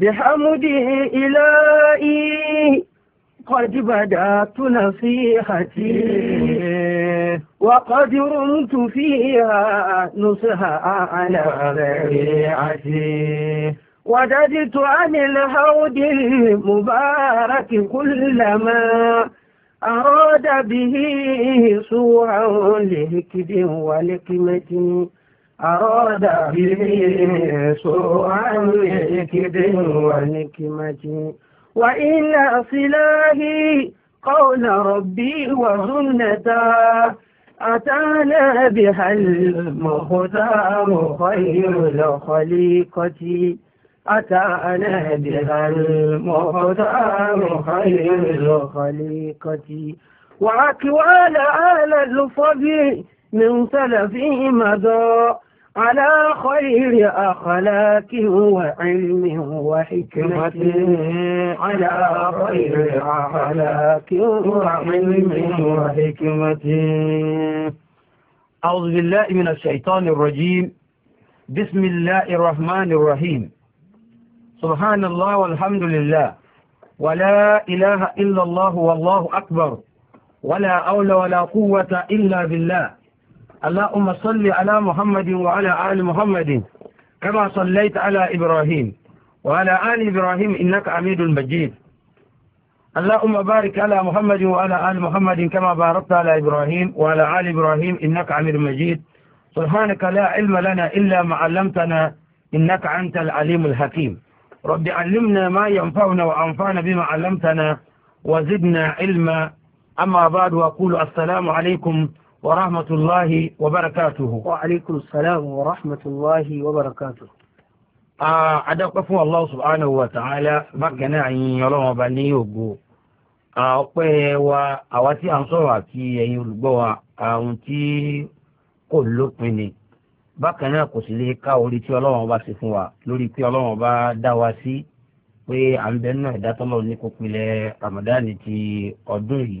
بحمده إلهي قد بدأت نصيحتي وقد رمت فيها نصها على ذريعتي وددت عن الهود المبارك كلما أراد به سوءا لهكد ولكمة أراد به سوءا لكد ونكمة وإن صلاهي قول ربي وسنتا أتانا بها المختار خير الخليقة أتانا بها المختار خير الخليقة وأكوال آل الفضل من سلف مضى على خير أخلاق وعلم وحكمة على خير أخلاق وعلم وحكمة أعوذ بالله من الشيطان الرجيم بسم الله الرحمن الرحيم سبحان الله والحمد لله ولا إله إلا الله والله أكبر ولا أول ولا قوة إلا بالله اللهم صل على محمد وعلى آل محمد كما صليت على إبراهيم وعلى آل إبراهيم إنك عميد مجيد اللهم بارك على محمد وعلى آل محمد كما باركت على إبراهيم وعلى آل إبراهيم إنك عميد مجيد سبحانك لا علم لنا إلا ما علمتنا إنك أنت العليم الحكيم رب علمنا ما ينفعنا وأنفعنا بما علمتنا وزدنا علما أما بعد وأقول السلام عليكم ورحمة الله وبركاته وعليكم السلام ورحمة الله وبركاته أدقى فو الله سبحانه وتعالى بقنا يلوم بني يبو ọpẹ́ wa àwa tí à ń sọ̀rọ̀ àti ẹ̀yin olùgbọ́ wa àwọn tí kò lópin ni bákan náà kò sì lè ká orí tí ọlọ́run ọba ṣe fún wa lórí pé ọlọ́run ọba dá wa sí pé à ń bẹ nínú ẹ̀dá tọ́lọ́run ní kò pilẹ̀ Ramadan ti ọdún yìí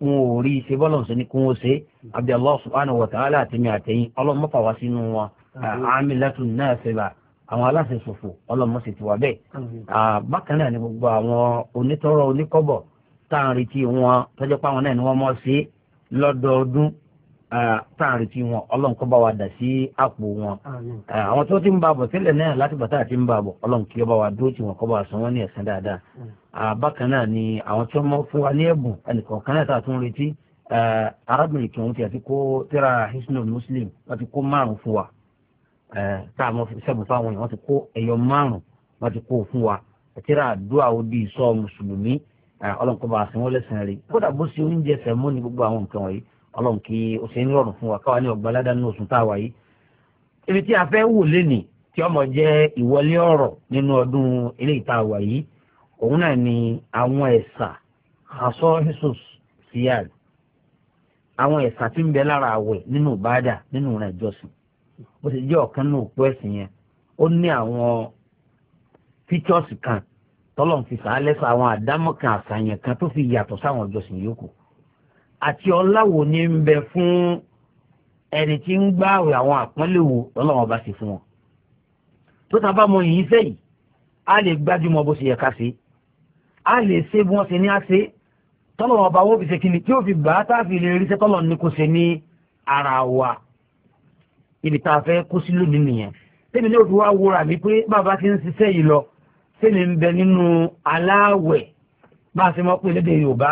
wọn ò rí ṣe bọ́lọ̀ sí ni kí wọ́n ṣe àbí Allah subhanahu wa ta'ala àtẹ̀mí àtẹ̀yìn ọlọ́mọ́fà wá sínú wọn àmì látún náà ṣẹba àwọn aláṣẹ ṣòfò ọlọ́mọ sì ti wà bẹ́ẹ̀. bákan náà ni gbogbo àwọn onítọ́rọ̀ oníkọ́bọ̀ tá à ń retí wọn tọ́jọ́ pé àwọn náà ni wọ́n mọ̀ sí lọ́dọọdún táàrin tí wọn ọlọ́run kó bá wa dà sí àpò wọn àwọn tó ti ń bá bọ̀ tẹ́lẹ̀ náà láti bàtà àti ń bá bọ̀ ọlọ́run kí ọba wa dúró tí wọn kó bá san wọn ní ẹ̀san dáadáa bákan náà ni àwọn tí wọn fún wa ní ẹ̀bùn ẹnìkan kan náà tààtún retí arábìnrin kí wọn ti àti kó tẹ́ra hisnul muslim wọn ti kó márùn fún wa tá a mọ sẹ́bùn fáwọn yẹn wọn ti kó ẹ̀yọ márùn wọn ti kó fún wa tẹ́ra àdúrà odi ìsọ mùsùlùmí ọlọ́run kó bá san wọn lẹ́san rẹ̀ kódà bó ṣe oúnjẹ fẹ́ mọ́ ní gbogbo àwọn nǹkan wọ̀nyí ọlọ́run kí o ṣe ń rọrùn fún wa káwa ní ọgbà aládàáni oṣù tá a wà yìí ibi tí a fẹ́ wò lénìí tí ọmọ jẹ́ ìwọlé ọ̀rọ̀ nínú ọdún eléyìí tá wà yìí òun náà ni àwọn ẹ̀sà àṣọ jesus síyàrì àwọn ẹ̀sà tí ń bẹ lára àwẹ̀ nínú ìbáàdà nínú ìrìn ìjọsìn bó ti jẹ́ ọ̀kan nínú òpó ẹ̀sìn yẹn ó ní àwọn píkọ́sì kan tọ́lọ̀ ń àwọn àdámọ́ àṣàyàn kan tó fi yàtọ̀ sáwọn ìjọsìn yòókù àti ọláwo ní ń bẹ fún ẹni tí ń gbààwẹ̀ àwọn àpọ́nlé wo lọ́lọ́wọ́n bá ṣe fún wọn tó ta bá mọ yìí sẹ́yìn a lè gbájúmọ̀ bó ṣe yẹ ká ṣe a lè ṣe bí wọ́n ṣe ní á ṣe tọ́lọ̀wọ̀n ọba wọ́n fi ṣe kíni tí ó fi gbà á táàfi lè rí sẹ́tọ́lọ̀ ní kò ṣe ní ara wa ibi tá a fẹ́ kó sí lónìí nìyẹn tẹ́mi ní òfin wá wúra mi pé bàbá ti ń ṣiṣẹ́ yìí lọ tẹ́mi ń bẹ nínú aláwẹ̀ bá a ṣe mọ́ pé lédè Yorùbá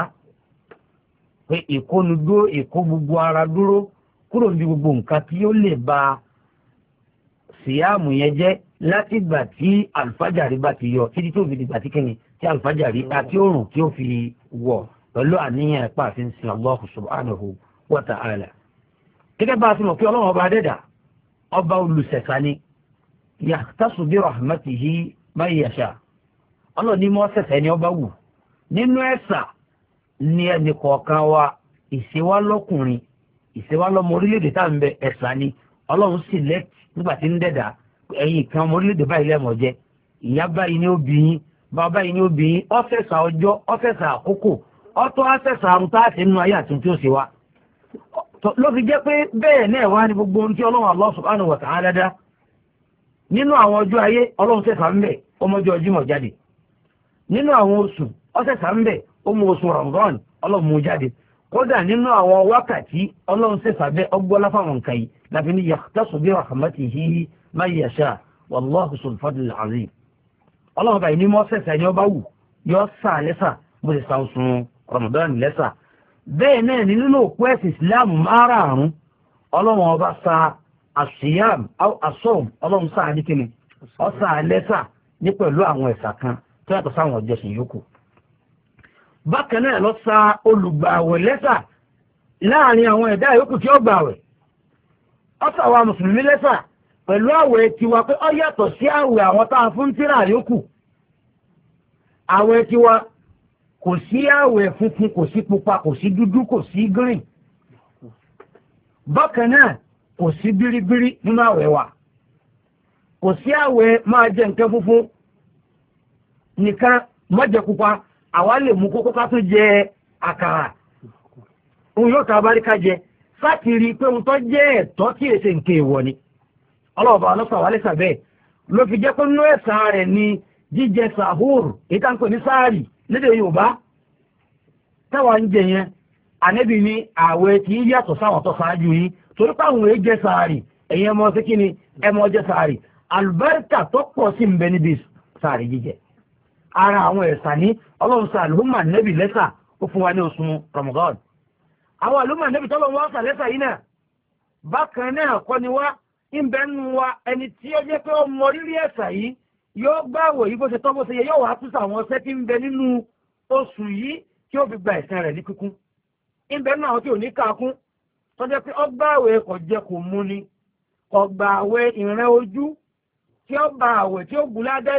pé ìkónu dúró ìkó gbogbo ara dúró kúrò ní gbogbo nǹkan tí ó lè ba síyáàmù yẹn jẹ́ láti gbà tí àlùfájàrí bá ti yọ títí tó fi dìgbà tí kìíní tí àlùfájàrí àti òrùn tí ó fi wọ̀ pẹ̀lú àníyàn ẹ̀pá àfi ń sin Allah subhanahu wa ta'ala. gẹ́gẹ́ bá a ti mọ̀ pé ọlọ́run ọba adẹ́dà ọba olùsẹ̀sá ni yàtàṣù bí rahmatihi máa yàṣà ọlọ́ọ̀ni mọ́ sẹ̀sẹ̀ ni ọba wù nínú ẹ̀sà ní ẹnì kọ̀ọ̀kan wa ìṣèwá lọ́kùnrin orílẹ̀-èdè tá à ń bẹ ẹ̀sà ni ọlọ́run sì nígbà tí ń dẹ̀dà ẹ̀yìn kan ọmọ orílẹ̀-èdè báyìí lẹ́mọ̀ jẹ́ ìyá báyìí ní ó bí yín ní yìí ọ́fẹ̀sà ọjọ́ ọ́fẹ̀sà àkókò ọ̀tọ̀ ọ́fẹ̀sà àrùn tá a ayé àtúntí ó sì ló fi jẹ́ pé bẹ́ẹ̀ náà wá ní wa ó mú oṣù rọ̀ǹgọ́n ọlọ́run mú jáde kódà nínú àwọn wákàtí ọlọ́run ṣe fàbẹ́ ọgbọ́lá fáwọn nǹkan yìí láfi ní yàtọ̀sùn bí rahmatihi má yàṣà wàlláhu sulfadul azim ọlọ́run báyìí ní mọ́sẹ̀sẹ̀ ni ó bá wù yọ sà lẹ́sà bó ṣe sa oṣù rọ̀ǹgọ́n lẹ́sà bẹ́ẹ̀ náà ní nínú òkú ẹ̀sìn islam márààrún ọlọ́run ọba sa àṣìyàm àṣọ́m ọlọ́run sáà ní kíni ọ̀sà lẹ́sà ní pẹ̀lú àwọn ẹ̀sà kan tó yàtọ̀ sáwọn ọjọ́sìn yòókù bákan náà lọ sa olùgbàwẹ̀ lẹ́sà láàrin àwọn ẹ̀dá ìyókù tí ó gbàwẹ̀ ọ́sà wa mùsùlùmí lẹ́sà pẹ̀lú àwẹ̀ tiwa pé yàtọ̀ sí àwẹ̀ àwọn tá a fún tíra yókù àwẹ̀ tiwa kò sí àwẹ̀ pupa kò sí dúdú kò sí green bákan náà kò sí nínú àwẹ̀ wa kò sí àwẹ̀ máa pupa àwa lè mú kókó ká tún jẹ àkàrà òun yóò ta abáríkà jẹ láti rí i pé òun tó jẹ́ ẹ̀tọ́ tí èsè nké ìwọ ni ọlọ́ọ̀bà ọlọ́sàn wà lẹ́sà bẹ́ẹ̀ ló fi jẹ́ pé nínú ẹ̀sà rẹ̀ ni jíjẹ sàhóòrù èyí tá ń pè ní sáàrì lédè Yorùbá táwa ń jẹ yẹn ànẹ́bí ni ààwẹ̀ tí í yàtọ̀ sáwọn tó ṣáájú yìí torí pé àwọn èyí jẹ sàárì sí kí ni ẹmọ jẹ sàárì àlùbáríkà tó pọ̀ sí ń bẹ níbi sàárì jíjẹ ara àwọn ẹ̀sà ní ọlọ́run sa àlùmà nẹ́bì lẹ́sà ó fún wa ní oṣù Ramadan àwọn àlùmà nẹ́bì tọ́lọ́run wá sà lẹ́sà yìí náà bákan náà kọ́ ni wá ń bẹ́ nu wa ẹni tí ó jẹ́ pé ó mọ rírì ẹ̀sà yìí yóò gbààwẹ̀ yìí bó ṣe tọ́ bó ṣe yẹ yóò wá tún sàwọn ọṣẹ́ tí ń bẹ nínú oṣù yìí tí ó fi gba ẹ̀san rẹ̀ ní kíkún ń bẹ náà tí ò ní kàkún tó jẹ́ pé ó gbààwẹ̀ kò jẹ kò mu ni kò gbààwẹ̀ ìrìn ojú tí ó ba àwẹ̀ tí ó gùn ládàá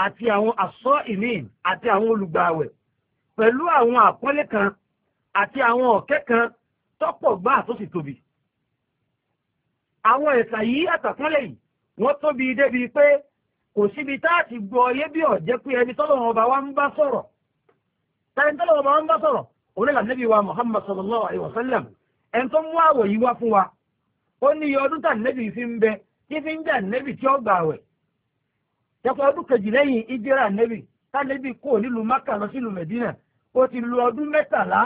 àti àwọn asọ́ ìmín àti àwọn olùgbàwẹ̀ pẹ̀lú àwọn àpọ́nlé kan àti àwọn ọ̀kẹ́ kan tọ́pọ̀ gbáà tó sì tóbi àwọn ẹ̀sà yìí àtàkọ́lẹ̀ yìí wọ́n tóbi débi pé kò síbi táàtì gbọ́ ọyé bí ọ̀jẹ́ pé ẹni tọ́lọ́wọ́n ọba wa ń bá sọ̀rọ̀ tẹ́ni tọ́lọ́wọ́n ọba wa ń bá sọ̀rọ̀ onílà níbi wa Muhammad sallallahu alayhi wa sallam ẹni tó mú àwọ̀ yìí wá fún wa ó ní iye ọdún tà nẹ́bì fi ń bẹ tí fi ń jà nẹ́bì tí ó gbà wẹ̀ jẹ́pẹ́ ọdún kejì lẹ́yìn ìjírà nẹ́bì tánẹ́bì kọ nílùú maka lọ sílùú mẹ̀dínà ó ti lu ọdún mẹ́tàlá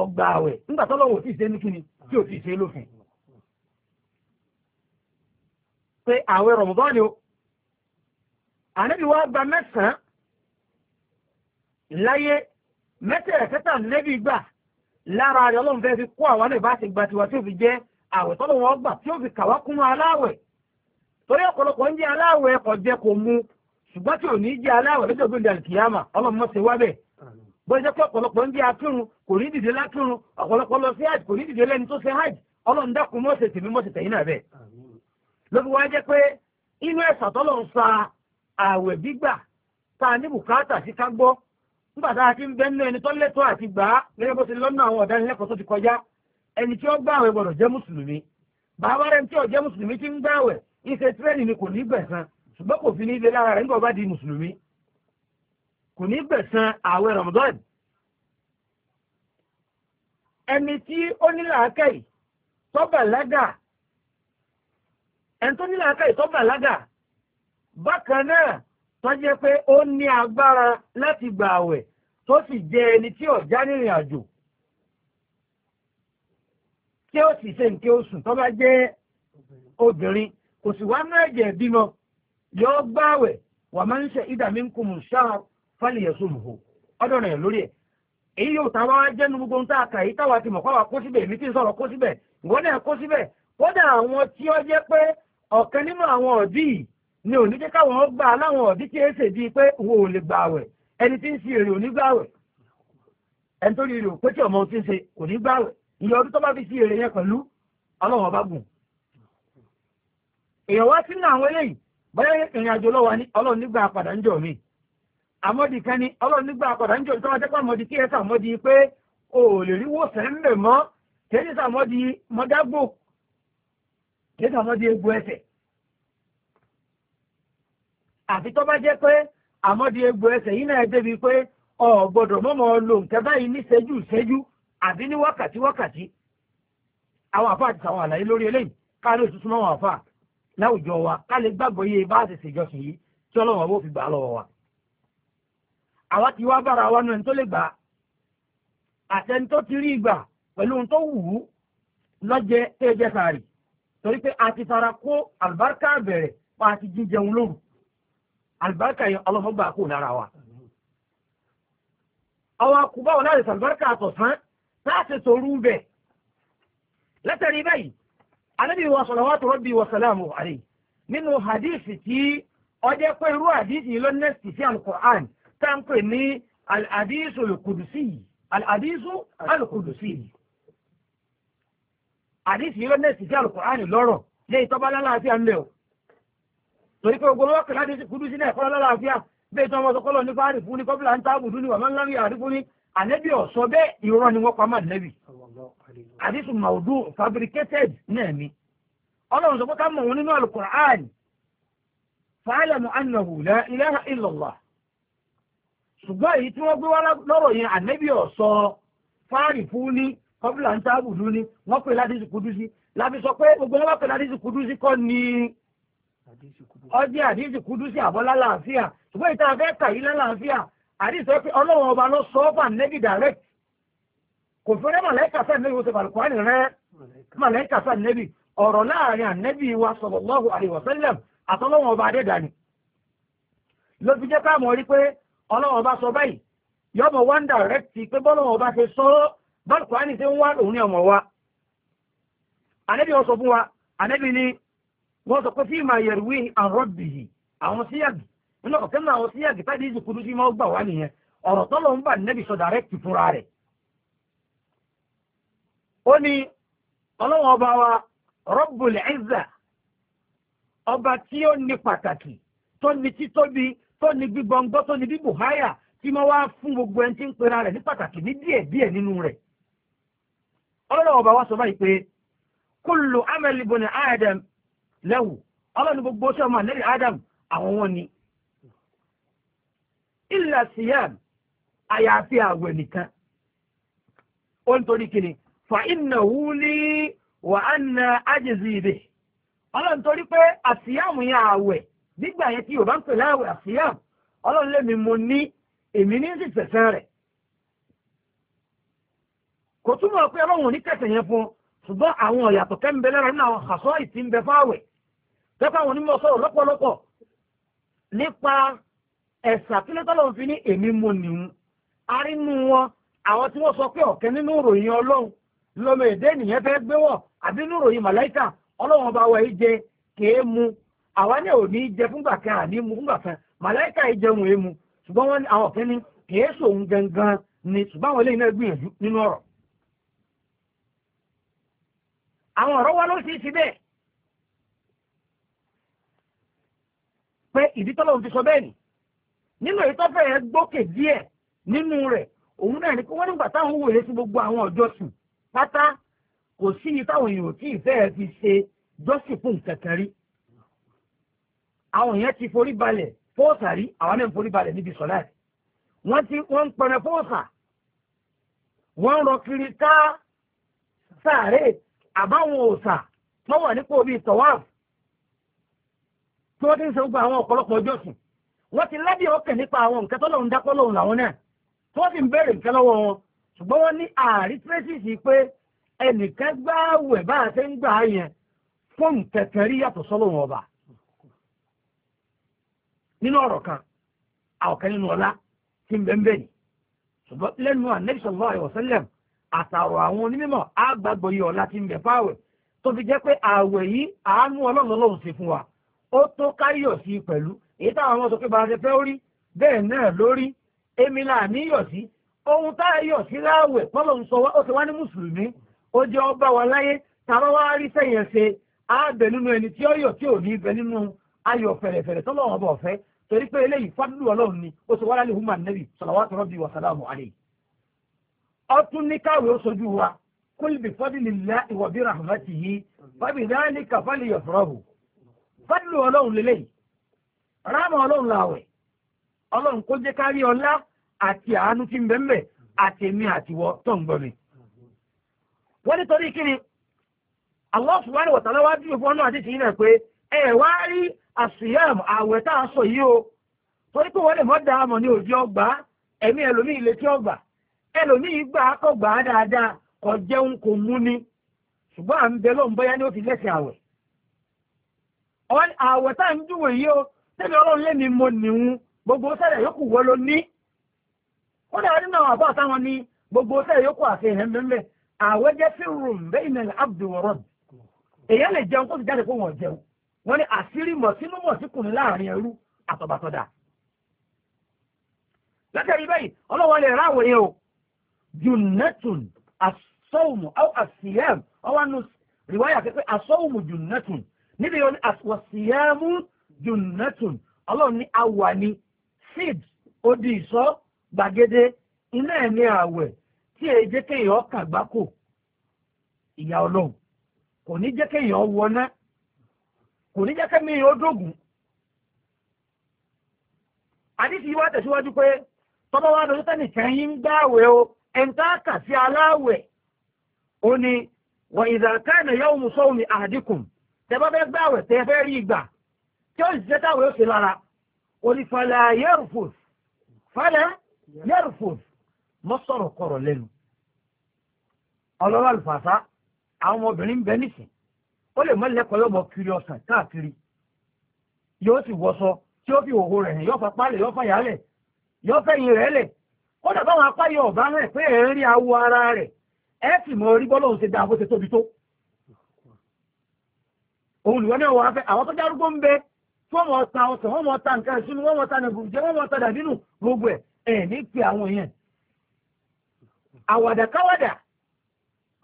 ọgbà àwẹ̀ nígbà tó lọ́wọ́ òtí ṣe ní kíni tí ṣe lófin. pé ni ó ànẹ́bì gba mẹ́sàn torí ọ̀pọ̀lọpọ̀ ń jẹ́ aláwẹ̀ ẹ̀kọ́ jẹ́ kò mú ṣùgbọ́n tí ò ní jẹ́ aláwẹ̀ lọ́jọ́ gbé ìdàlù kìyàmà ọlọ́mọ ṣe wá bẹ̀ bó ṣe pé ọ̀pọ̀lọpọ̀ ń jẹ́ akírun kò ní dìde lákírun ọ̀pọ̀lọpọ̀ lọ sí hajj kò ní dìde lẹ́ni tó ṣe hajj ọlọ́run dákun tèmi tẹ̀yìn náà bẹ̀. ló fi wá jẹ́ pé inú ẹ̀sà ń a ń iṣẹ́ tírẹ́nì ni kò ní gbẹ̀san ṣùgbọ́n kò fi ní ilé lára rẹ̀ nígbà bá di mùsùlùmí kò ní gbẹ̀san ààwẹ̀ Ramadan ẹni tí ó ní làákàyè tó bàlágà ẹni tó ní làákàyè tó bàlágà bákan náà tó jẹ́ pé ó ní agbára láti gbà ààwẹ̀ tó sì jẹ́ ẹni tí ọ̀já nírìn àjò tí ó sì ṣe nǹkan oṣù tó bá jẹ́ obìnrin kò sì wá ní ẹ̀jẹ̀ bímọ yóò gbáwẹ̀ wà máa ń ṣe ìdàmí kò mú ṣáà fálìyẹ̀ sùn mọ́ ọdọ̀ rẹ̀ lórí ẹ̀ èyí yóò tàwa jẹ́nu gbogbo ń tàkà yìí táwa ti mọ̀ kọ́wà kó síbẹ̀ èmi tí ń sọ̀rọ̀ kó síbẹ̀ ìwọ́n náà kó síbẹ̀ kódà àwọn tí ó jẹ́ pé ọ̀kan nínú àwọn ọ̀dí ni ò ní jẹ́ káwọn gbà láwọn ọ̀dí tí èsè bíi pé wo ò lè gbààwẹ̀ ẹni tí ń fi èrè òní gbààwẹ̀ ẹni tó rí rè pé tí ọmọ ti ń ṣe òní gbààwẹ̀ ìyẹn ọdún tó bá fi fi èrè yẹn pẹ̀lú ọlọ́run ọba gùn èèyàn wá sínú àwọn eléyìí bóyá ìrìn àjò lọ́wọ́ ni ọlọ́run nígbà padà ń jọ mí àmọ́dì kan ni ọlọ́run nígbà padà ń jọ àmọ́dì kí ẹ sàmọ́dì pé o ò lè rí mọ́ tẹ́lẹ̀ sàmọ́dì mọ́dágbò tẹ́lẹ̀ sàmọ́dì egbò pé yìí náà débi pé o gbọ́dọ̀ láwùjọ wa ká lè gbàgbọ́ yé bá àṣẹ ṣèjọsìn yìí tí ọlọ́run ọba ò fi gbà á lọ́wọ́ wa. àwa ti wá bára wa nu ẹni tó lè gbà àtẹni tó ti rí ìgbà pẹ̀lú ohun tó wù ú lọ́jẹ́ tó yẹ jẹ́ sàárì torí pé a ti fara kó àlùbáríkà bẹ̀rẹ̀ pa àti jíjẹun lóru àlùbáríkà yẹn ọlọ́fọ́ gbà kó lára wa. àwọn akùbáwọ̀ láti sàlùbáríkà àtọ̀sán láti sòrú bẹ̀ látàrí báyìí anábì wa salawatu rabbi wa salamu alayhi nínú hadithi tí ọjọ́ pé irú hadithi ló nẹ́sì sí alukur'an tá à ń pè ní alhadisu alukudusi alhadisu alukudusi hadithi ló nẹ́sì sí alukur'an lọ́rọ̀ lẹ́yìn tọ́ba lálàáfíà ń lẹ̀ o torí pé ogun wọ́pẹ̀ láti kudusi náà kọ́ lálàáfíà bẹ́ẹ̀ tí wọ́n mọ̀ sọ́kọ́ lọ nípa àrífún ní kọ́bílà ń tábùdú ní wàmọ́ ńlá ní àrífún ní ànẹ́bí ọsọ bẹ́ẹ̀ irọ ni wọ́n pamọ́ ànẹ́bí àdísù maudu fabricated náà emi. ọlọ́run sọ pé ká mọ̀ wọn nínú alukur'an fa'alamu annahu la ilaha illallah ṣùgbọ́n èyí tí wọ́n gbé wá lọ́rọ̀ yẹn ànẹ́bí ọ̀sọ́ fáàrì fún ní kọ́bílà ń tábùdú ni wọ́n pè kudusi láti sọ pé gbogbo wọn bá pè kudusi kọ́ ni ọjọ́ àdìsì kudusi àbọ́lá làáfíà ṣùgbọ́n ìta fẹ́ kàyí lálàáfíà àdìsọ́ pé ọlọ́run ọba ló sọ ọ́ bà nẹ́gì direct kò fi rẹ́ màlẹ́kà sáà nẹ́bí wọ́sẹ̀ bàlùkọ́ àní rẹ́ màlẹ́kà sáà nẹ́bí ọ̀rọ̀ láàrin ànẹ́bí wa sallallahu alaihi wasallam àtọ́lọ́run ọba adẹ́dà ni ló fi jẹ́ káàmù rí pé ọlọ́run ọba sọ báyìí yọmọ wá ń direct pé bọ́lọ́run ọba ṣe sọ bàlùkọ́ ṣe ń wá òun ọmọ wa ànẹ́bí wọ́n sọ fún wa ànẹ́bí ni nínú ọ̀kẹ́ náà wọ́n sí àgbẹ̀tá ìdí ìsìnkúdú sí máa gbà ọ nìyẹn ọ̀rọ̀ tó lọ ń bà nẹ́bí sọ dàrẹ́kì fúnra rẹ̀ ó ní ọlọ́wọ́n ọba wa Rabbul Izza ọba tí ó ní pàtàkì tó ní títóbi tó ní gbígbọ́ngbọ́ tó ní bíbùháyà tí mo wá illa siyam àyàfi àwẹ̀ nìkan ó ń torí kíni fa innahu li wa anna ajzi bihi ọlọ́run torí pé àsíyàmù yẹn àwẹ̀ nígbà yẹn tí yorùbá ń pè láwẹ̀ àsíyàmù ọlọ́run lèmi mo ní èmi ní sì tẹ̀sán rẹ̀ kò túmọ̀ pé ọlọ́run ò ní kẹsẹ̀ yẹn fún ṣùgbọ́n àwọn ọ̀yàtọ̀ kẹ́mbẹ́ lára nínú àwọn àṣọ ìtì ń bẹ fáwẹ̀ tẹ́fà àwọn onímọ̀ sọ̀rọ̀ lọ́pọ̀lọpọ̀ nípa ẹ̀sà tí lọ́tọ́lọ́run fi ní èmi mo nìhun arínú wọn àwọn tí wọ́n sọ pé ọ̀kẹ́ nínú ìròyìn ọlọ́run lọ́mọ èdè nìyẹn fẹ́ gbé wọ̀ àbí nínú ìròyìn màláìkà ọlọ́run ọba wa yìí jẹ kèé mu àwa náà ò ní jẹ fúngbà kan àní mu fúngbà kan màláìkà yìí jẹun èému ṣùgbọ́n wọn àwọn ọ̀kẹ́ ní kèé sòun gangan ni ṣùgbọ́n àwọn eléyìí náà gbìyànjú nínú ọ̀rọ̀ àwọn ọ̀rọ̀ wa ló ṣe é ṣe bẹ́ẹ̀ pé ìdí ti sọ bẹ́ẹ̀ ni nínú èyí tó fẹ́ yẹn gbókè díẹ̀ nínú rẹ̀ òun náà ni pé wọ́n nígbà táwọn wò lé sí gbogbo àwọn ọjọ́ sùn pátá kò sí iye táwọn èèyàn tí ìfẹ́ ẹ fi ṣe jọ́sìn fún kankan rí àwọn èèyàn ti forí balẹ̀ fóòsà rí àwọn náà ń forí balẹ̀ níbi sọ̀lá rẹ̀ wọ́n ti wọ́n ń pẹrẹ fóòsà wọ́n ń rọ kiri ká sáré àbáwọn òòsà wọ́n wà nípò bíi tọ̀wáàfù tí wọ́n ti ń ṣe gbogbo àwọn ọ̀pọ̀lọpọ̀ ọjọ́ wọ́n ti lábì ọkẹ̀ nípa àwọn nǹkan tọ́lọ̀ ń dápọ́ lòun làwọn náà tí wọ́n ń béèrè nǹkan lọ́wọ́ wọn ṣùgbọ́n wọ́n ní ààrí pé ẹnìkan gbá wẹ̀ bá ń gbà yẹn fún kẹ̀kẹ́ yàtọ̀ wọn nínú ọ̀rọ̀ kan nínú ọlá ń bẹ́ẹ̀ ṣùgbọ́n lẹ́nu èyí táwọn ọmọ sọpé bá ṣe fẹ́ orí bẹ́ẹ̀ náà lórí èmi là níyọ̀ sí ohun tá a yọ̀ sí láàwẹ̀ pọ́lọ̀ ń sọ wá ó ti wá ní mùsùlùmí ó jẹ́ ọba wa láyé tàbá wá rí sẹ́yìn ṣe ààbẹ̀ nínú ẹni tí ó yọ̀ tí ò ní ibẹ̀ nínú ayọ̀ fẹ̀rẹ̀fẹ̀rẹ̀ tó lọ́wọ́ bọ̀ fẹ́ torí pé eléyìí fádùlù ọlọ́run ni ó ti wá lálẹ́ huma nẹ́bì salawatu rabbi wa salamu alayhi. ọtún ní káwé ó sojú wa kul bi fadlillahi wa bi rahmatihi fa bi dhalika falyafrahu fádùlù ọlọ́run lélẹ́yìí rámọ̀ ọlọ́run làwẹ̀ ọlọ́run kó jẹ́ ọlá àti àánú tí ń àti èmi àtiwọ tó ń gbọ́ mi. wọ́n nítorí wá àti tìyìn náà pé ẹ wá rí àsìyàm àwẹ̀ tá a sọ yìí o torí pé wọ́n ní òjì ẹ̀mí ẹlòmíì tí ọgbà ẹlòmíì gbà gbà á dáadáa jẹun kò tẹ́bí ọlọ́run lé ní mo nìhun gbogbo sẹ́rẹ̀ yókù wọ́ ló ní ó dẹ̀ nínú àwọn àbá àtàwọn ní gbogbo sẹ́rẹ̀ yókù àfihàn mẹ́mẹ́ àwẹ́ jẹ́ sí rùm bẹ́ẹ̀ ní abdu wọ́rọ̀ èèyàn lè jẹun kó sì jáde kó wọ́n jẹun wọ́n ní àṣírí mọ̀ sínú mọ̀ sí kùnú láàrin ẹrú àtọ̀bàtọ̀dà látàrí báyìí ọlọ́wọ́ lè ráwọ̀ yẹn o junnatun asọ́ọ̀mù asíyẹ́m ọwọ́ nù rìwáyà pé asọ́ọ̀mù junnatun níbi yóò ní asọ́ọ̀mù jun ọlọ́run ní awà ni sid odi ìsọ́ gbàgede iná ẹ̀ ní àwẹ̀ tí èyí jẹ́ kéèyàn kàgbákò ìyá ọlọ́run kò ní jẹ́ kéèyàn wọná kò ní jẹ́ kéèyàn ó dógùn. àdìsí wa tẹ̀síwájú pé tọ́mọ́ wa dojú tẹ́nì kẹ́yìn ń gbáwẹ̀ o ẹ̀ńtà kà sí aláwẹ̀ ó ní wọ̀nyí ìdàkánà yawmu sawmi ahadikum tẹ́ bá fẹ́ gbáwẹ̀ tẹ́ fẹ́ rí ìgbà tí ó jẹ́ táwọn yóò fi lára onífàlẹ̀ yẹ́rùfòs fàlẹ̀ yẹ́rùfòs mọ́ sọ̀rọ̀ kọ̀rọ̀ lẹ́nu ọlọ́rọ̀ àlùfàṣà àwọn ọmọbìnrin ń bẹ nísìn ó lè mọ́lẹ́kọ̀ọ́ yóò kiri ọ̀sán káàkiri yóò sì wọṣọ tí ó fi òhò rẹ̀ hàn yóò fa pálẹ̀ yóò fa yálẹ̀ yóò kódà báwọn apá yóò bá pé rí ara sì tí ọta ọsọ ta ọ̀sẹ̀ nke mọ̀ ta nǹkan ìṣúnú ọta mọ̀ ta nàìjíríà jẹ́ wọ́n mọ̀ ta gbogbo ẹ̀ ẹ̀ ní pé àwọn yẹn. àwàdàkáwàdà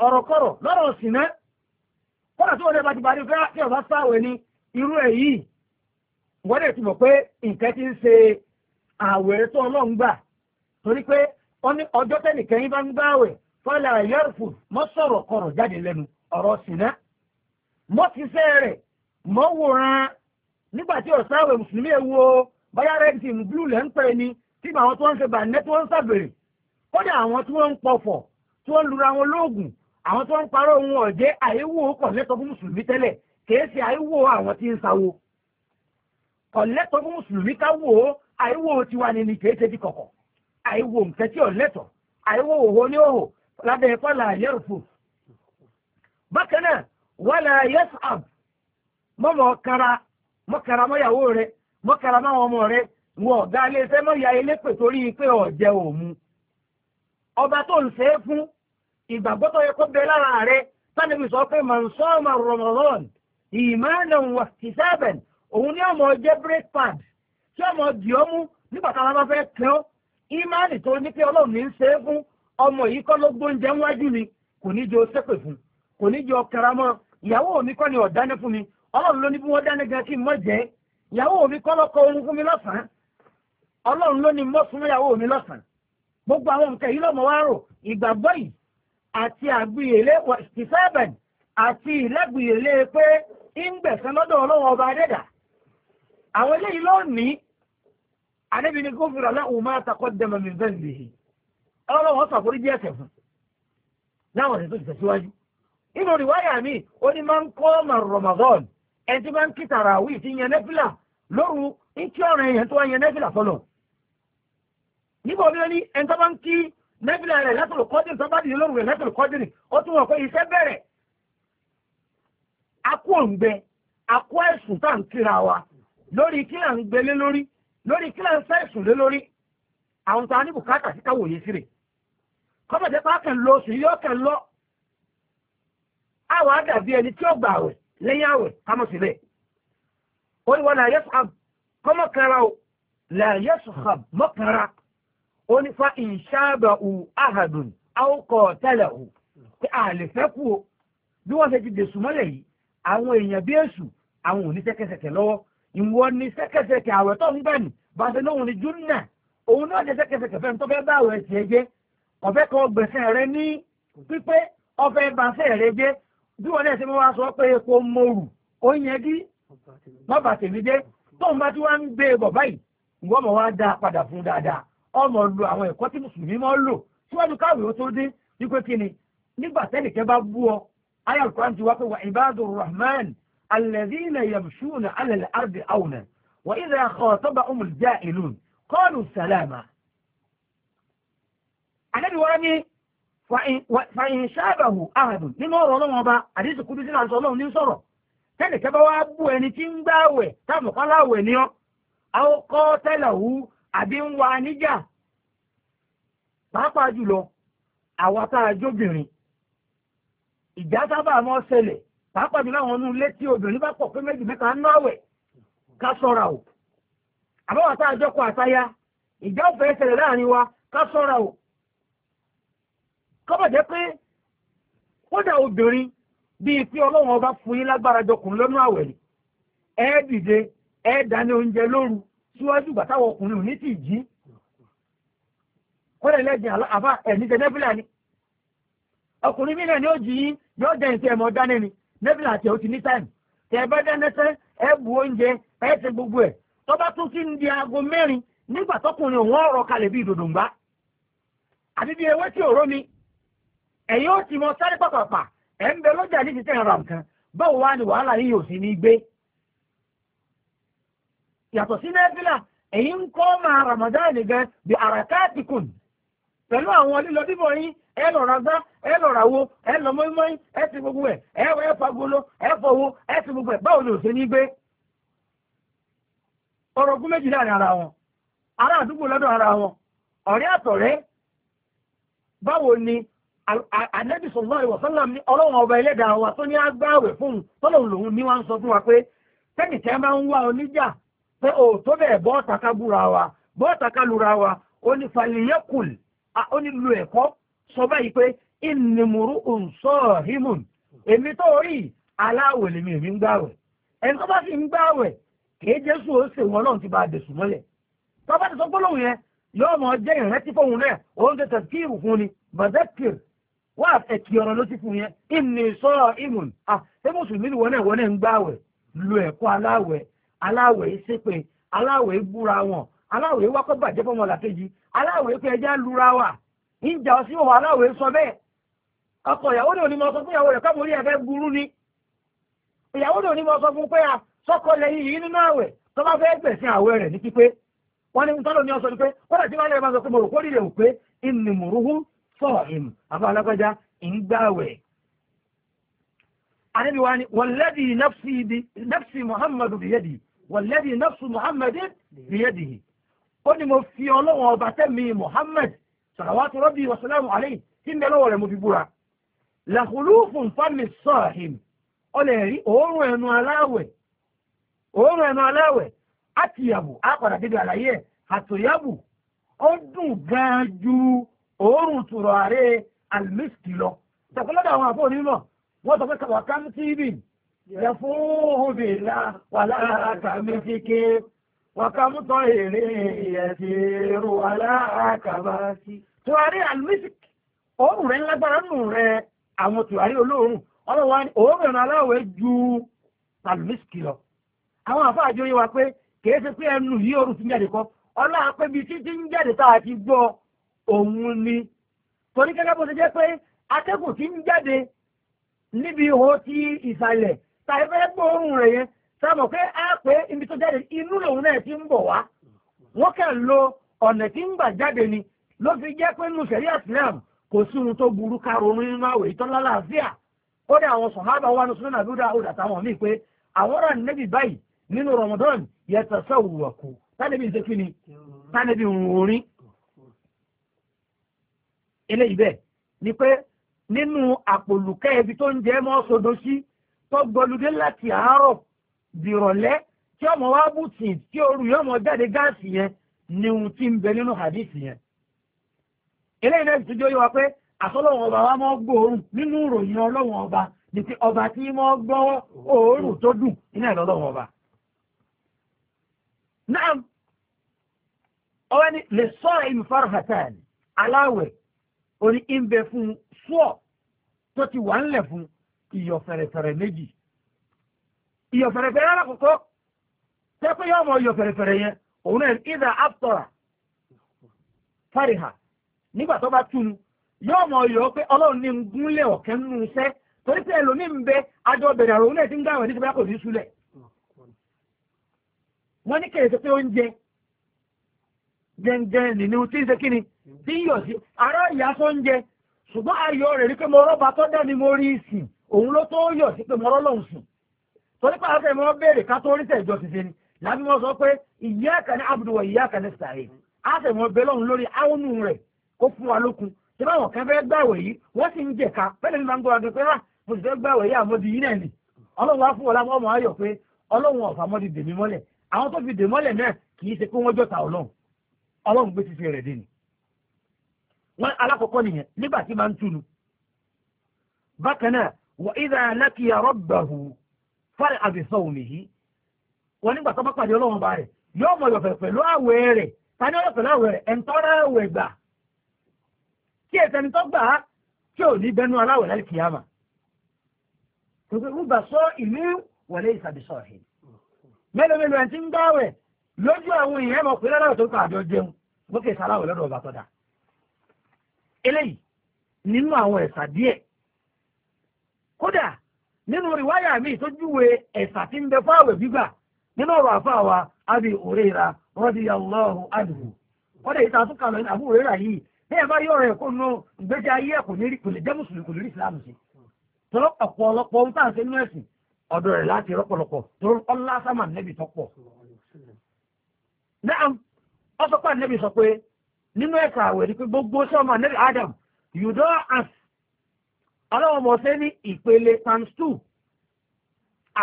ọ̀rọ̀kọ̀rọ̀ lọ́rọ̀ kọ́nà tí wọ́n lè parí tí sáwẹ̀ ni irú ẹ̀ yìí wọ́n lè pé nǹkan ti ń ṣe àwẹ̀ tó ọlọ́run gbà torí pé ọjọ́ nígbà tí ọ̀sán mùsùlùmí ewu o bóyá red team blue lẹ́ ń pè ní tí àwọn tí wọ́n ń ṣe bàánẹ́ tí wọ́n ń ṣàgbèrè kódà àwọn tí wọ́n ń pọ̀fọ̀ tí wọ́n ń lura wọn lóògùn àwọn tí wọ́n ń parọ́ ohun ọ̀jẹ́ àìwò kọ̀lẹ́tọ̀ fún mùsùlùmí tẹ́lẹ̀ kìí ṣe àwọn tí ń sawo kọ̀lẹ́tọ̀ fún mùsùlùmí káwò àìwò tiwa ni ni kìí ti kọ̀kọ̀ àìwò nǹkan ọ̀lẹ́tọ̀ àìwò òhò ní òhò lábẹ́ ẹ̀kọ́ là bákan náà wọ́n lọ yẹ́sàb mọ́mọ́ kara mọ́kàrà mọ́yàwó rẹ mọ́kàrà máwọn ọmọ rẹ wọn ọ̀gá iléeṣẹ́ mọ́yà elépè torí pé ọ̀jẹ̀ òmu ọba tó ń ṣe é fún ìgbàgbọ́ tó yẹ kó bẹ lára rẹ tánibí sọ pé mọ̀nsọ́ọ̀mà Ramadan ìmáàlẹ̀ wà kì sẹ́bẹ̀n òun ní ọmọ jẹ́ breakfast tí ọmọ dì ó mú nígbà táwọn bá fẹ́ tẹ́ ọ́ ìmáàlì tó ní pé ọlọ́run ní ń ṣe é fún ọmọ yìí kọ́ ló gbóúnjẹ wájú mi kò ní jẹ́ ó ṣépè fún kò ní jẹ́ ó kẹramọ́ ìyàwó mi kọ́ ni ọ̀dáná fún mi ọlọ́run ló ní bí wọ́n dání gan kí n jẹ́ ìyàwó mi kọlọkọ lọ́kọ fún mi lọ́sàn-án ọlọ́run ló ní mọ́ fún ìyàwó mi lọ́sàn-án gbogbo àwọn nǹkan yìí lọ́mọ ìgbàgbọ́ yìí àti àgbìyèlé ọba adẹ́dà àwọn eléyìí ló ní ni gómìnà ẹni tí bá ń kí tàràwí ti yẹn nẹ́fìlà lóru ń kí ọ̀ràn èèyàn tó wá yẹn nẹ́fìlà fọlọ̀ nígbà omi ẹni ẹni tó bá ń kí nẹ́fìlà rẹ̀ látòlù kọ́dìrì tó bá dìde lóru rẹ̀ látòlù kọ́dìrì ó tún wọ̀ pé iṣẹ́ bẹ̀rẹ̀ akú òǹgbẹ akú ẹ̀sùn tá à ń kíra wa lórí kí là ń gbélé lórí lórí kí là ń sẹ́sùn lé lórí àwọn tá a ní bùkátà síta wòye sí rè kọ́mọ̀tẹ́pá kàn lọ oṣù yóò kàn lọ àwọn àdàbí ẹni tí ó gbà wẹ̀ lẹ́yìn àwẹ̀ kámọ́ sílẹ̀ ó ní wọn làyẹ́ sàb kọ́mọ́ kanra o làyẹ́ sàb mọ́ kanra ó ní fa ìṣàbà ò ahadùn àwòkọ̀ tẹ́lẹ̀ o pé a lè fẹ́ kú o bí wọ́n ṣe ti dèṣù mọ́lẹ̀ yìí àwọn èèyàn bí èṣù àwọn ò ní sẹ́kẹsẹ̀kẹ̀ lọ́wọ́ ìwọ ni sẹ́kẹsẹ̀kẹ̀ àwẹ̀ tó ń bẹ̀ nì bá ṣe lóhun ni júnà òun náà jẹ́ sẹ́kẹsẹ̀kẹ̀ fẹ́ tó fẹ́ bá àwẹ̀ tiẹ̀ jẹ́ ọ̀fẹ́ kan gbẹ̀sẹ̀ rẹ ní pípé ọ̀fẹ́ bá rẹ jẹ́ bí wọ́n lẹ́sẹ̀ wọ́n wá sọ pé epo mòrù ó yẹn kí má bà tèmi dé tóun bá tí wọ́n ń gbé bọ̀ báyìí ìwọ́n mọ̀ wá dá padà fún dáadáa ọmọ lu àwọn ẹ̀kọ́ tí mùsùlùmí máa ń lò síwájú káwé ó tó dé wípé kí ni nígbà tẹ́nìkẹ́ bá bú ọ ayé alukuran ti wá pé wà ibadu rahman alladhina yamshuna ala al-ardi awna wa idha khatabahum al-jahilun qalu salama. àlejò wọ́n ní fàyìn ṣáàbàhù ahàdùn nínú ọ̀rọ̀ ọlọ́run ọba àdísì kúdú sí àṣọ ọlọ́run ní sọ̀rọ̀ tẹ́lẹ̀ kẹ́ wá bú ẹni tí ń gbáwẹ̀ táàmù kọ́láwẹ̀ ni ọ́ àwòkọ́ tẹ́lẹ̀ àbí ń wa níjà pàápàá jùlọ a ìjà sábà ṣẹlẹ̀ pàápàá jùlọ àwọn ọdún létí obìnrin bá pọ̀ pé méjì mẹ́ta ń náwẹ̀ ká sọ́ra o àtayá ìjà ò kọ́bọ̀ jẹ́ pé kódà obìnrin bíi pé ọlọ́run ọba fún yín lágbára jọkùnrin lọ́nà àwẹ̀ ẹ dìde ẹ dání oúnjẹ lóru síwájú ọkùnrin ò ní tì jí lẹ́gbẹ̀ẹ́ àbá ẹ̀ní jẹ nẹ́bílà ni ọkùnrin mi náà ni ó jí yín yóò jẹ́ ìṣe ẹ̀ ní táìmù gbogbo ẹ̀ tún di aago mẹ́rin nígbà tọkùnrin òun ọ̀rọ̀ kalẹ̀ bíi ẹ̀yin ó ti mọ sáré pàpàpà ẹ̀ ń bẹ lọ́jà ní nǹkan báwo wá ni wàhálà yìí yóò gbé yàtọ̀ sí ẹ̀yin ń kọ́ máa Ramadan nìkan bí pẹ̀lú àwọn lílọ bíbọ̀ yín ẹ gbá ẹ wo ẹ lọ ẹ ti gbogbo ẹ ẹ ẹ fọwọ́ ẹ wọn ará àdúgbò lọ́dọ̀ ara wọn ọ̀rẹ́ àtọ̀rẹ́ ànẹ́bì sọ̀rọ̀ ìwọ̀ sọ́lá ní ọlọ́run ọba ẹlẹ́dàá wa tó ní agbáwẹ̀ fún tọ́lọ̀hún lòun ní wọ́n ń sọ fún wa pé tẹ́nì tẹ́ máa ń wá oníjà pé ò tó bẹ̀ẹ̀ bọ́ọ̀tàká búra wa bọ́ọ̀tàká lura wa ó ní falẹ̀yẹ́kùl ó ní lu ẹ̀kọ́ sọ báyìí pé ìnìmùrú nsọ́ọ̀hìmùn èmi tó rí aláwẹ̀ lèmi èmi ń gbàwẹ̀ ẹni tó bá fi ń gbàwẹ̀ kìí jésù ó sì wọn náà ti bá a dẹ̀sùn mọ́lẹ̀ tọ́ bá ti sọ gbólóhùn yẹn yóò mọ̀ jẹ́ ìrántí fóun náà òun ti tẹ̀síìrù fún ni bàdẹ́kìrì wọ́n àfẹ̀kì ọ̀rọ̀ ló ti fún yẹn ìní sọ́ọ̀ ìmùn ṣé mùsùlùmí ni wọ́n náà wọ́n náà ń gbààwẹ̀ lo ẹ̀kọ́ aláwẹ̀ aláwẹ̀ ìṣépè aláwẹ̀ búra wọn aláwẹ̀ wákọ́ bàjẹ́ fọmọ làkejì aláwẹ̀ pé ẹja lura wà ìjà ọsí òwò aláwẹ̀ sọ bẹ́ẹ̀ ọkọ ìyàwó ni onímọ̀ sọ fún ìyàwó rẹ̀ káwọn orí ẹ̀fẹ́ burú ni ìyàwó ni onímọ̀ sọ fún pé a sọ́kọ lẹ́yìn yìí nínú ni pé kọ́dà tí wọ́n lè máa sọ pé mo rò kórìí rẹ̀ ò pé ìnìmùrúhú sọ́ọ̀hìn àbá alágbájá ń gbààwẹ̀ anabi wa ni wàlẹ́dì nafsi muhammadu biyadi wàlẹ́dì nafsu muhammadu biyadi ó ní mo fi ọlọ́wọ́n ọba tẹ́mi muhammad sàlàwátú rọ́bì wàsálàmù alayhi tí ń bẹ lọ́wọ́ rẹ̀ mo fi búra làkùlùfùn fámi sọ́ọ̀hìn ó lè rí òórùn ẹnu aláwẹ̀ òórùn ẹnu aláwẹ̀ àtìyàbù á padà débi àlàyé ẹ̀ àtòyàbù ó gan-an ju oorun tùrọ̀ àrẹ almiski lọ tẹ̀kọ́lọ́dọ̀ àwọn àbọ̀ onímọ̀ wọ́n sọ pé yẹ fún obìnrin wà lára kàmíkíkí wà kámútọ̀ èrè ìyẹ̀sì èrò wà lára kàmásí. tùràrí almisk òórùn rẹ̀ ńlágbára nù rẹ̀ àwọn ọlọ́wà ni aláwẹ̀ ju lọ. àwọn pé kèé ẹnu yìí ti jáde kọ́ pé bí títí ń jáde òun ni torí gẹ́gẹ́ bó ṣe jẹ́ pé atẹ́gùn tí ń jáde níbi ihò ti ìsàlẹ̀ tàbí gbóòórùn rẹ̀ yẹn sábọ̀ pé a pé ibi tó jáde inú lòun náà ti ń bọ̀ wá wọ́n kàn lo ọ̀nà tí ń gbà jáde ni ló fi jẹ́ pé nínú sẹ̀rí Islam kò sí ohun tó burú ká ronú nínú ìtọ́ lálàáfíà àwọn sọ̀hábà Ramadan yẹtọ̀ ń ṣe kí ni eléyìí bẹ́ẹ̀ ni pé nínú àpòlùkẹ́ ibi tó ń jẹ́ mọ́ sodo sí tó gbọlùdé láti àárọ̀ dìrọ̀lẹ́ tí ọmọ wa bù tì oru yóò mọ jáde gáàsì yẹn ni ohun tí ń bẹ hadith yẹn eléyìí náà tún jẹ́ yọ asọlọ pé ọba wa mọ́ gbòòrùn nínú ìròyìn ọlọ́wọ́n ọba ni ọba tí mọ́ gbọ́ òórùn tó dùn ìlọ́lọ́wọ́n ọba náà ni lè sọ aláwẹ̀ orí ìbẹ fún fọ tó ti wà ńlẹ̀ fún iyọ̀ fẹ̀rẹ̀fẹ̀rẹ̀ méjì iyọ̀ fẹ̀rẹ̀fẹ̀rẹ̀ alákọ̀ọ́kọ́ tẹ́pẹ́ yọ ọmọ yẹn òun náà ìdá àpọ̀rà fàríhà nígbà tó bá túnu yọ ọmọ iyọ̀ pé ọlọ́run ní gúnlẹ̀ ọ̀kẹ́ nínú iṣẹ́ torí pé ẹlòmíín bẹ adó náà ti ń kò ní jẹ́ǹjẹ́ nínú tí ń ṣe kí ni tí ń yọ̀ sí ará ìyá tó ń jẹ ṣùgbọ́n ayọ̀ rẹ̀ rí pé mo rọ́bà tó dẹ́ ni mo rí ìsìn òun ló tó yọ̀ sí pé mo rọ́ lòun sùn torí pé àfẹ́ wọn béèrè ká tó oríṣẹ́ ìjọ ti ṣe ni làbí wọn sọ pé iyyaka na'budu wa iyyaka nasta'in àfẹ́ wọn bẹ lọ́hùn lórí áwọnù rẹ̀ kó fún wa lókun tí báwọn kan fẹ́ gbàwẹ̀ yìí wọ́n sì ń jẹ̀ka pẹ́lẹ́ mi máa ń gbọ́ adùn pé rà mo sì fẹ́ gbàwẹ̀ yìí àmọ́dì yìí àwọn tó fi dèmí mọ́lẹ̀ náà kì í ṣe pé wọ́n jọ̀ta ọlọ́run ọlọ́run gbé ṣiṣẹ́ rẹ̀ dé ni wọ́n alákọ̀ọ́kọ́ nìyẹn nígbà tí máa ń túnu bákan náà wa idha laqiya rabbahu fárẹ̀ àbẹ̀sọ̀ òmì yìí wọ́n nígbà tó bá pàdé ọlọ́run bá rẹ̀ yóò mọ̀ yọ̀fẹ̀ pẹ̀lú àwẹ̀ rẹ̀ tani ọ̀rọ̀ pẹ̀lú àwẹ̀ rẹ̀ ẹ̀ńtọ́rọ̀ àwẹ̀ gbà kí ẹ̀sẹ̀ni tó gbà á tí ò ní bẹnu aláwẹ̀ láì kìyàmà tòkè rúbà mélòó mélòó ẹ̀ ti ń gbáwẹ̀ lójú àwọn èèyàn mọ̀ pé lọ́dọ̀ tó kà àjọ jẹun bókè sáláwẹ̀ lọ́dọ̀ ọba tọ́da eléyìí nínú àwọn ẹ̀sà díẹ̀ kódà nínú mi tó ẹ̀sà tí ń bẹ fáwẹ̀ gbígbà nínú ọ̀rọ̀ àfáwà abi òrera radiyallahu anhu kódà ìta tún kàlọ́ ní àbú òrera yìí ní ẹ̀bá ayé ẹ̀kọ́ ní jẹ́ mùsùlùmí rí sí ọ̀pọ̀lọpọ̀ ẹ̀sìn ọ̀dọ̀ rẹ̀ láti ọsọpá nẹ́bí sọ pé nínú ẹ̀ka àwẹ̀ ní pé gbogbo sọ́mọ nẹ́bí Adam you don ask ọlọ́wọ́ mọ̀ ṣe ní ìpele times two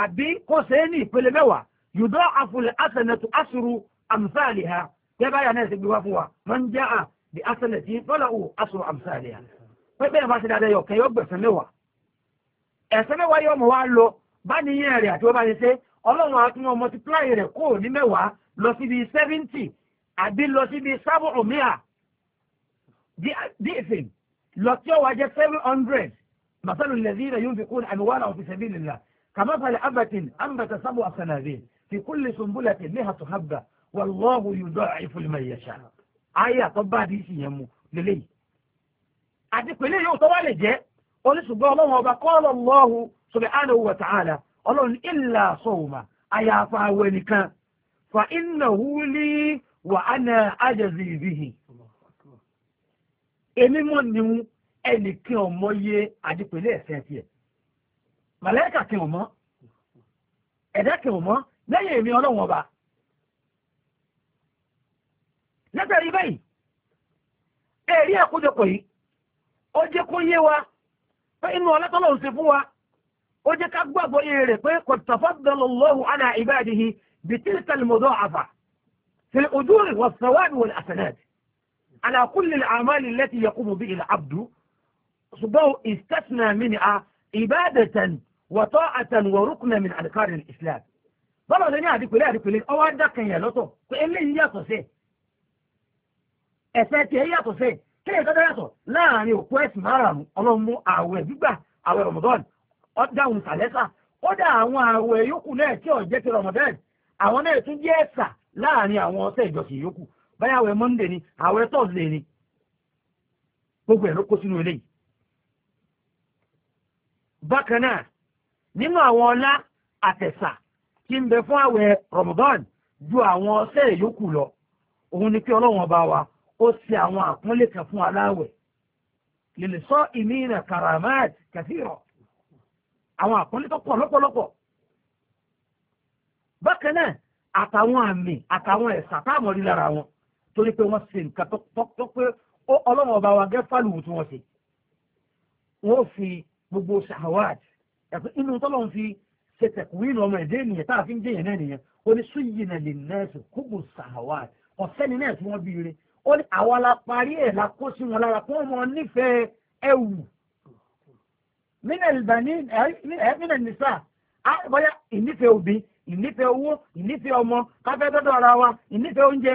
àbí kò ṣe ní ìpele mẹ́wàá you don afulẹ̀ asẹ̀nẹ̀tù asùrù àmsáàlì ha tẹ́ báyà náà ṣe gbé wá fún wa máa ń já à di asẹ̀nẹ̀tì fọ́lá ò asùrù àmsáàlì ha pé bẹ́ẹ̀ bá ṣe dáadáa yọ kẹ́ yọ gbẹ̀sẹ̀ mẹ́wàá ẹ̀sẹ̀ mẹ́wàá yọ ọmọ wa lọ bá ní yẹn rẹ̀ àti wọ́n bá ṣe ṣe ọlọ́run àti wọn multiply rẹ̀ kó ní mẹ́wàá lọ síbi seventy àbí lọ síbi sábò òmíà díìsìn lọ tí ó wà jẹ́ seven hundred masalu lẹ́zìnà yóò fi kún àmì wàhálà òfin sẹ́bí nìlá kàmá falẹ̀ abatin ambata sábò àsànàbí fi kúlẹ̀ sùnbùlà tẹ̀ mẹ́hà tó habba wàlọ́hù yóò dọ̀ àìfúlùmọ̀ ìyẹ̀ṣà ayé àtọ́gbà àdìsí yẹn mu lélẹ́yìí àti pèlè yóò tọ́wọ́ lè jẹ́ oníṣùgbọ́n ọlọ́run ọba qala Allahu subhanahu wa ta'ala wà á na ájẹ̀zì ìbíhì èmi mọ̀ ni ẹnìkan ọmọ yé àdìpẹ̀lẹ̀ ẹ̀sẹ̀ tiẹ̀ màlẹ́kà kan ọmọ ẹ̀dá ọmọ lẹ́yìn èmi ọlọ́wọ́n ọba látàrí báyìí ẹ̀rí àkójọpọ̀ yìí ó jẹ́ kó yé wa pé inú ọlọ́tọ́lọ́ ń ṣe fún wa ó jẹ́ ká gbàgbọ́ iye rẹ̀ pé kò في الأجور والثوان والأسناد على كل الأعمال التي يقوم به العبد صبه استثنى من إبادة وطاعة وركن من أذكار الإسلام بلو دنيا دي كلها دي كلها أو عدا كن يلوتو كل اللي هي تسي أساتي هي تسي كي يتدى يتو لا نيو كويس مارم اللهم أعوه ببا أعوه رمضان أدى ونسالسة أدى أعوه يوكو نيو كيو جيكي رمضان أعوه نيو تنجيسة láàrin àwọn ọ̀sẹ̀ ìjọsìn yòókù báyàwẹ̀ monday ni àwẹ̀ thursday ni gbogbo ẹ̀ ló kó sínú eléyìí bákan náà nínú àwọn ọlá àtẹ̀sà tí ń bẹ fún àwẹ̀ ramadan ju àwọn ọ̀sẹ̀ yòókù lọ òun ni kí ọlọ́wọ́n bá wa ó ṣe àwọn àpọ́nlé kan fún aláwẹ̀ lèlè sọ ìmìnira karamat kàfíìrọ̀ àwọn àpọ́nlé tó pọ̀ lọ́pọ̀lọpọ̀ bákan náà àtàwọn àmì àtàwọn ẹ̀sà táàmọ̀ rí lára wọn torí pé wọ́n ṣe nǹkan tó pé ọlọ́run ọba wa gẹ́fàlùwù tí wọ́n ṣe wọ́n fi gbogbo shahawad ẹ̀fọ́ inú tọ́lọ́run fi ṣe tẹ̀kùwìn ọmọ ẹ̀dẹ́ ènìyàn tá a fi ń jẹyàn náà nìyẹn ó ní súyìnà lè nẹ́ẹ̀sì kúgbù shahawad ọ̀sẹ́ni náà tí wọ́n bí ó ní àwa la parí ẹ̀ la kó sí wọn lára kó wọn nífẹ̀ẹ́ ẹ̀wù mínà nìsà bóyá ìnífẹ̀ẹ́ obìnrin ìnífẹ̀ẹ́ owó ìnífẹ̀ẹ́ ọmọ káfẹ́ dọ́dọ̀ ara wa ìnífẹ̀ẹ́ oúnjẹ